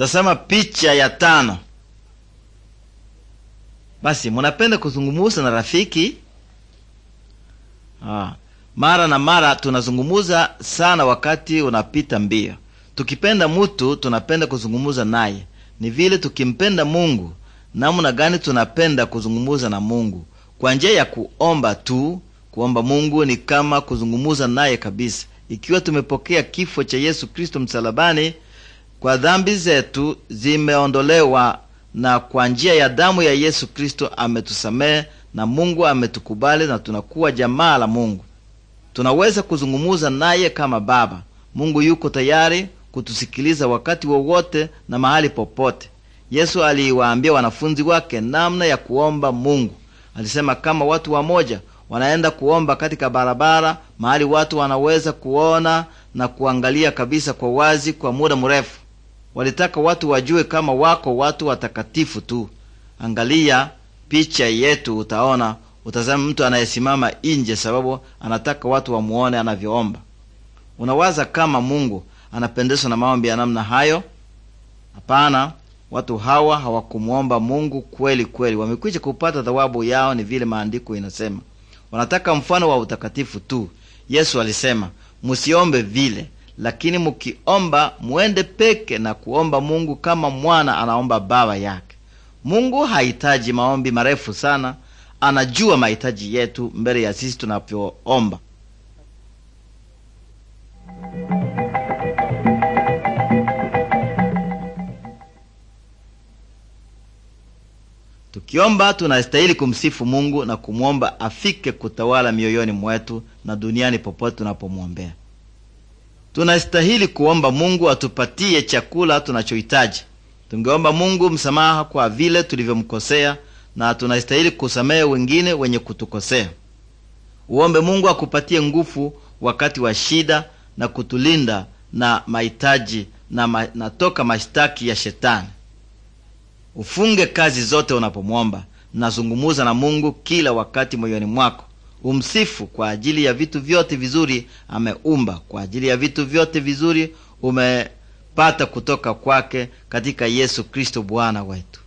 Tasama picha ya tano. Basi munapenda kuzungumuza na rafiki ah. Mara na mara tunazungumuza sana wakati unapita mbio. Tukipenda mutu tunapenda kuzungumuza naye, ni vile tukimpenda Mungu. Namna gani tunapenda kuzungumuza na Mungu? Kwa njia ya kuomba tu. Kuomba Mungu ni kama kuzungumuza naye kabisa. Ikiwa tumepokea kifo cha Yesu Kristo msalabani kwa dhambi zetu zimeondolewa, na kwa njia ya damu ya Yesu Kristo ametusamehe na Mungu ametukubali na tunakuwa jamaa la Mungu. Tunaweza kuzungumuza naye kama Baba. Mungu yuko tayari kutusikiliza wakati wowote na mahali popote. Yesu aliwaambia wanafunzi wake namna ya kuomba Mungu. Alisema kama watu wamoja wanaenda kuomba katika barabara, mahali watu wanaweza kuona na kuangalia kabisa kwa wazi kwa muda mrefu, Walitaka watu wajue kama wako watu watakatifu tu. Angalia picha yetu, utaona utazama mtu anayesimama nje, sababu anataka watu wamuone anavyoomba. Unawaza kama Mungu anapendezwa na maombi ya namna hayo? Hapana. Watu hawa hawakumuomba Mungu kweli kweli, wamekwisha kupata thawabu yao. Ni vile maandiko inasema, wanataka mfano wa utakatifu tu. Yesu alisema, musiombe vile lakini mukiomba muende peke na kuomba Mungu kama mwana anaomba baba yake. Mungu hahitaji maombi marefu sana, anajua mahitaji yetu mbele ya sisi tunavyoomba. Tukiomba tunastahili kumsifu Mungu na kumwomba afike kutawala mioyoni mwetu na duniani popote tunapomwombea tunastahili kuomba Mungu atupatie chakula tunachohitaji. Tungeomba Mungu msamaha kwa vile tulivyomkosea, na tunastahili kusamehe wengine wenye kutukosea. Uombe Mungu akupatie nguvu wakati wa shida na kutulinda na mahitaji na, ma, natoka toka mashtaki ya Shetani. Ufunge kazi zote unapomwomba. Nazungumuza na Mungu kila wakati moyoni mwako. Umsifu kwa ajili ya vitu vyote vizuri ameumba, kwa ajili ya vitu vyote vizuri umepata kutoka kwake katika Yesu Kristo Bwana wetu.